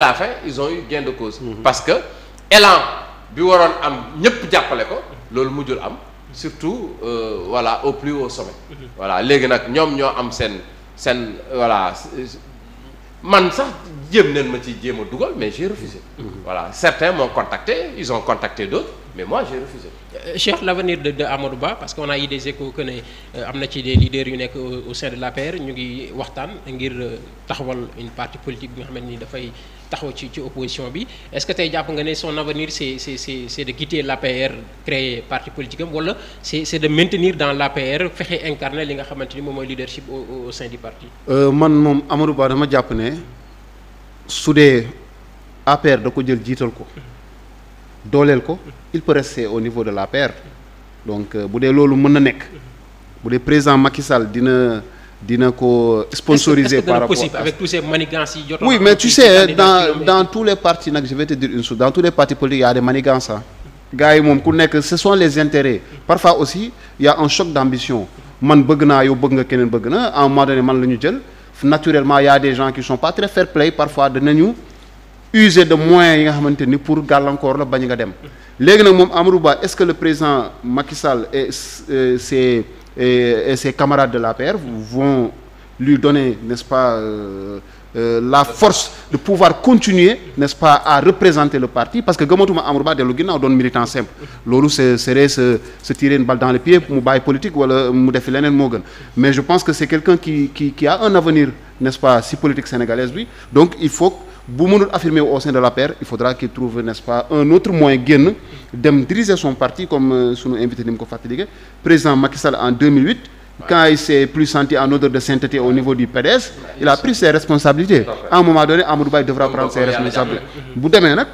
la fin ils ont eu gain de cause mhm. parce que élan bi waroon am ñëpp jàppale ko loolu mujjul am surtout euh, voilà au plus haut sommet mhm. voilà léegi nag ñoom ñoo am seen seen voilà man sax jéem nañ ma ci jéem a dugal mais j'ai refusé mhm. voilà certains moo contacté ils ont contacté d'autres mais moi j'ai refusé euh, Cheikh l'avenir de de Amadou Ba parce qu'on a eu des échos que euh, am na ci des leaders yu nekk au sein de l'APR ñu ngi waxtaan ngir euh, taxawal une partie politique bi nga xamante ni dafay taxaw ci ci opposition bi est-ce que tey jàpp nga ne son avenir c'est c'est c'est c'est de quitter créer parti politique am wala c'est c'est de maintenir dans l'APR fexe incarner li nga xamante ni moom mooy leadership au au sein euh, man moom Amadou Ba dama jàpp ne su dee APR da ko jël jiital ko dooleel ko il peut rester au niveau de l'APR donc euh, bu dee loolu mën na nekk bu dee président Macky Sall dina. dina ko sponsoriser par rapport avec tous ces manigances yi jot oui mais tu sais dans dans tous les partis nag je vais te dire une chose dans tous les partis politiques y des manigances ah moom ku nekk ce sont les intérêts parfois aussi y a un choc d'ambition man bëgg naa yow bëgg nga keneen bëgg na en un moment donné man la ñu jël naturellement y a des gens qui sont pas très fair play parfois danañu user de moyens yi nga xamante ni pour gàllankoor la bañ nga dem léegi nag moom Amadou Ba est-ce que président Macky Sall et euh, et, et ses camarades de l'APR vont lui donner, n'est-ce pas, euh, euh, la force de pouvoir continuer, n'est-ce pas, à représenter le parti parce que gëmatuma Amadou Ba dellu ginnaaw doon militant simple loolu c'est serait se tirer une balle dans les pieds mu bàyyi politique wala mu defi leneen moo gën mais je pense que c'est quelqu'un qui qui qui a un avenir, n'est-ce pas, si politique sénégalaise bi donc il faut bu mënul affirmer au sein de l'APR il faudra qu'il trouve n'est-ce pas un autre moyen génn dem diriger son parti comme euh, sunu invité ni mu ko fàttalikee président Macky Sall en 2008 quand il s'est plus senti en odeur de sainteté au niveau du PDS il a pris ses responsabilités à moment donné Amadou Ba devra prendre ses responsabilités bu demee nag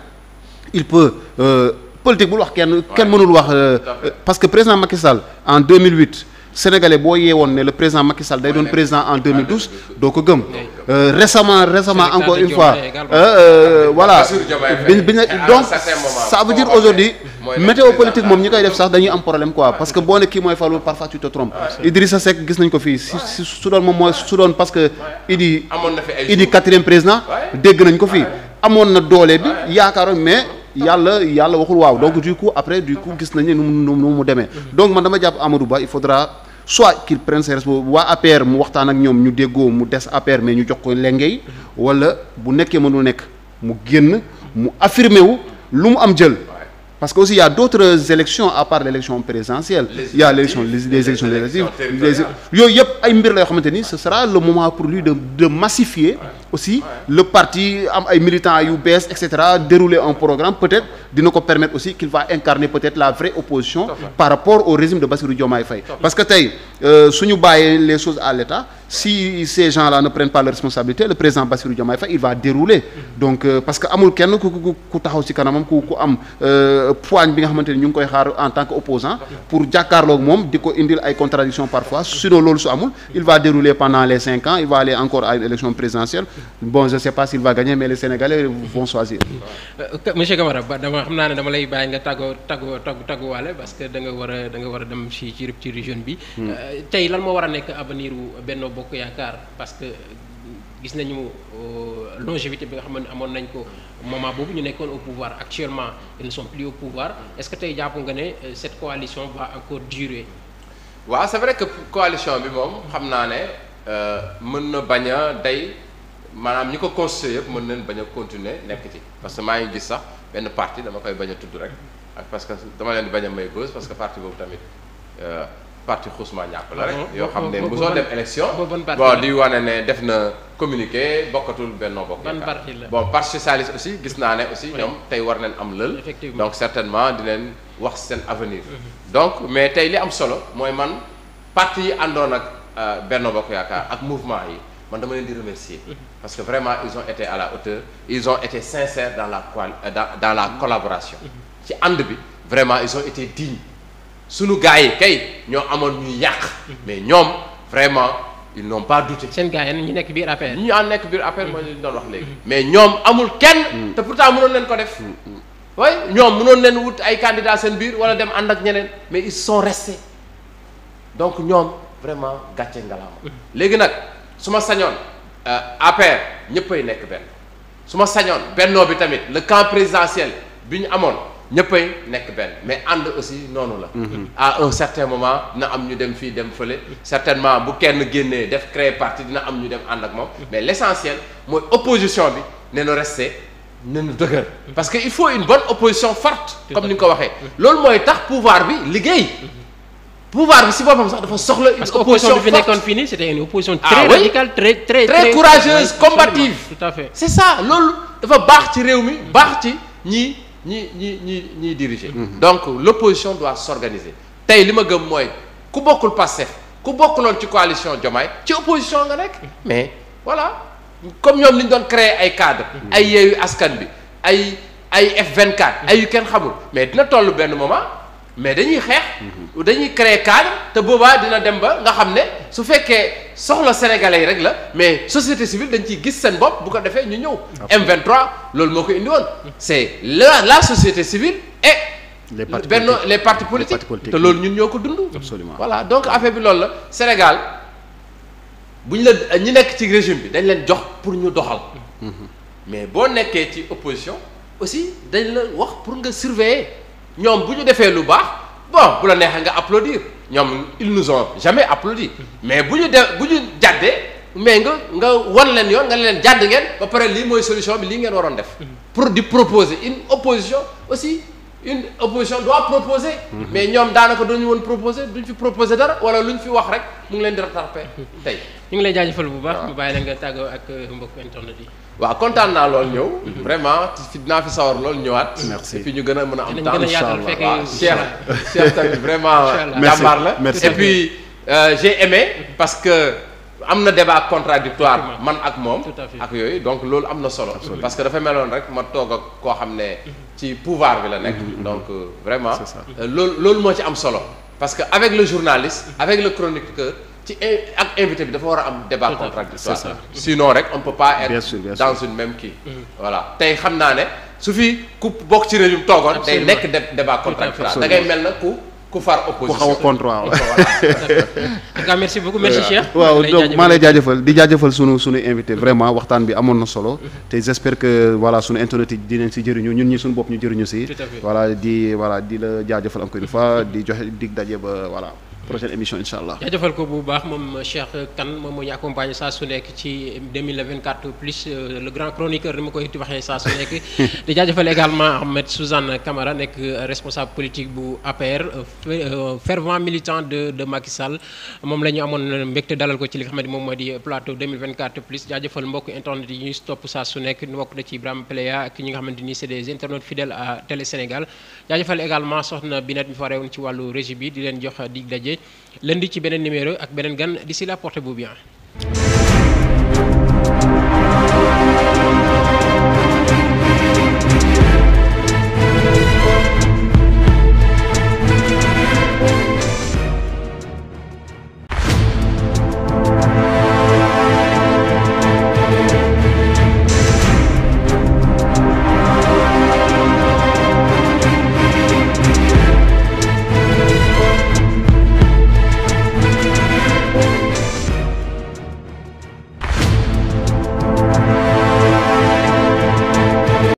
il peut euh, politique bul wax kenn kenn mënul wax euh, parce que président Macky Sall en 2008 sénégalais boo yeewoon ne le président Macky Sall day doon président en 2012 doo ko gëm euh, récemment récemment encore une fois euh, euh, voilà bi bi donc ça aujourd'hui météo moom ñi koy def sax dañuy am problème quoi parce que boo ne kii mooy falu parfois tu te trompes Idrissa Seck gis nañ ko fii si su doon moom mooy su doon parce que Idi Idi quatrième président dégg nañ ko fii amoon na doolee bi yaakaaroon mais yàlla yàlla waxul waaw donc du ko après du coup gis nañ ne nu mu nu mu demee. Mhm. donc man dama jàpp Amadou Ba il faudra soit qu'il prenne ses responsabilités waa APR mu waxtaan ak ñoom ñu déggoo mu des APR mais ñu jox ko lengey mhm. wala bu nekkee mënul nekk mu génn mu affirmé wu lu mu am jël. Parce que aussi il y a d'autres élections à part l'élection présidentielle. il y a l'élection les, les élections législatives yooyu yëpp ay mbir la yoo xamante ni ce sera le moment pour aussi le parti am ay militants yu bees et cetera dérouler un programme peut-être dina ko permettre aussi qu'il va incarner peut-être la vraie opposition par rapport au régime de Bassirou Diomaye Faye parce que tey euh, suñu bàyyee les choses à l'État si ces gens-là ne prennent pas leur responsabilité le président Bassirou Diomaye Faye il va dérouler donc euh, parce que amul kenn ku ku ku taxaw ci kanamam ku ku am euh, poigne bi nga xamante ni ñu ngi koy xaar en tant que opposant pour jàkkaarloog moom di ko indil ay contradictions parfois sinon loolu su amul il va dérouler pendant les cinq ans il va aller encore à une élection présidentielle bon je sais pas s'il va gagner mais les Sénégalais vont choisir euh, monsieur a da a dem bokk yaakaar parce que gis nañu euh, longévité bi nga xam ne amoon nañ ko moment boobu ñu nekkoon au pouvoir actuellement ils ne sont plus au pouvoir est-ce que tey jàpp nga ne euh, cette coalition va encore durer. waaw ouais, c'est vrai que coalition bi moom xam naa ne euh, mën na bañ a day maanaam ñi ko constitué yëpp mën nañ bañ a continuer nekk ci parce que maa ngi gis sax benn parti dama koy bañ tudd rek ak parce que dama leen di bañ a may gauche parce que parti boobu tamit. parti Xusma ñàkk la mm-hmm. yoo xam ne bu soo dem élection. bon di wane ne def na communiqué bokkatul Benno Bokk Yaakaar. bon parti socialiste aussi gis naa ne aussi ñoom tey war nañ am lël. donc certainement leen wax seen avenir. Mm-hmm. donc mais tey li am solo mooy man parti yi àndoon ak euh, Benno Bokk Yaakaar ak mouvement yi man dama leen di remercier. Mm-hmm. parce que vraiment ils ont été à la hauteur ils ont été sincères dans la euh, dans dans la collaboration. ci ànd bi vraiment ils ont été sunu gars yi kay ñoo amoon ñuy yàq mhm. mais ñoom vraiment ils n'ont pas douté. seen gars yi ñu nekk biir affaire. ñu am nekk biir affaire mooy li ñu doon wax léegi. Mhm. mais ñoom amul kenn. Mhm. te pourtant mënoon leen ko def. way ñoom mënoon leen wut ay candidats seen biir wala dem ànd ak ñeneen mais ils sont restés donc ñoom vraiment gàcce ngalaama. léegi nag su ma sañoon euh, APR ñëppay nekk benn su ma sañoon bennoo bi tamit le camp présidentiel bi ñu amoon. ñëppay nekk benn mais ànd aussi noonu la. Mhm. à un certain moment na am ñu dem fii dem fële certainement bu kenn génnee def créer parti dina am ñu dem ànd ak moom. mais l' essentiel mooy opposition bi ne nu rester ne nu dëgër. parce que il faut une bonne opposition forte. comme ni nga ko waxee. loolu mooy tax pouvoir bi liggéey. pouvoir bi si boppam sax dafa soxla. une opposition bi fi nekkoon fii nii c'était une opposition. Ah très radicale très très très courageuse combative. tout à fait c'est ça dafa baax ci réew mi baax ci ñi. ñi ñi ñi ñiy diriger. Mm-hmm. donc l'opposition doit s'organiser tey li ma gëm mooy ku bokkul Pastef ku bokkuloon ci coalition Diomaye ci opposition nga nekk mais voilà comme ñoom li ñu doon créer ay cadres. Mm-hmm. ay yeeyu askan bi ay ay F24 mm-hmm. ay yu kenn xamul mais dina toll benn moment mais dañuy xeex dañuy créer cadre te boobaa dina dem ba nga xam ne su fekkee soxla sénégalais yi rek la mais société civile dañ ciy gis seen bopp bu ko defee ñu ñëw. M23 loolu moo ko indiwoon woon. c'est la la société civile e les partis benn les partis politiques te loolu ñun ñoo ko dund. absolument voilà donc affaire bi loolu la Sénégal bu ñu la ñi nekk ci régime bi dañ leen jox pour ñu doxal. Mhm. mais boo nekkee ci opposition aussi dañ la wax pour nga surveiller ñoom bu ñu defee lu baax. bon bu la neexee nga applaudir ñoom ils nous ont jamais applaudi mais bu ñu de bu ñu jàddee mais nga nga wan leen yoon nga leen jàdd ngeen ba pare lii mooy solution bi lii ngeen waroon def mm-hmm. pour di proposer une opposition aussi une opposition doit proposer mm-hmm. mais ñoom daanaka duñu woon proposer duñ fi proposer dara wala luñ fi wax rek mu ngi leen di rattraper mm-hmm. tey ñu ngi lay jaajëfal bu baax bu ah. tàggoo ak euh, mbokk internet yi waaw kontaan naa loolu ñëw. Mhm. vraiment fi dinaa fi sawar loolu ñëwaat. merci fi ñu gën a mën a am temps incha allah waaw Cheikh Cheikh tamit vraiment. jàmbaar la merci et puis euh, j'ai parce que am na débat contradictoire man ak moom. ak yooyu donc loolu am na solo. parce que dafa meloon rek ma toog ak koo xam ne mhm. ci pouvoir bi la nekk. Mhm. donc euh, vraiment. Euh, loolu loolu moo ci am solo. parce que avec le journaliste. avec le chroniqueur. ci ak invité bi dafa war a am débat contradictoire sinon rek on peut pas être bien sûr, bien sûr. dans une même kii mmh. tey xam naa ne su fi ku bokk ci régime toogoon day nekk débat contradictoire da ngay mel na ku ku far opposition ku xaw a contre waaw voilà merci waaw donc maa lay jaajëfal di jaajëfal sunu sunu invité vraiment waxtaan bi amoon na solo mm-hmm. te j'espère que su sunu internet di dinañ si jëriñu ñun ñi suñu bopp ñu jëriñu si voilà di voilà di la jaajëfal encore une fois di joxe dig daje ba voilà prochaine émission ko bu baax moom Cheikh Kane moom moo ñu saa su nekk ci plus euh, le grand chroniqueur ni ma koy waxee saa su nekk. di jaajëfal également Ahmed Suzanne Camara nekk responsable politique bu APR euh, fervent militant de de moom la ñu amoon mbégte dalal ko ci li nga xamante moom moo di plateau plus jaajëfal mbokk internet yi ñuy topp saa su nekk mbokk da ci Ibrahima Pleya ak ñi nga xamante ni c'est des internautes fidèles Télé Sénégal jaajëfal lundi ci beneen numéro ak beneen gan di là portez-vous bien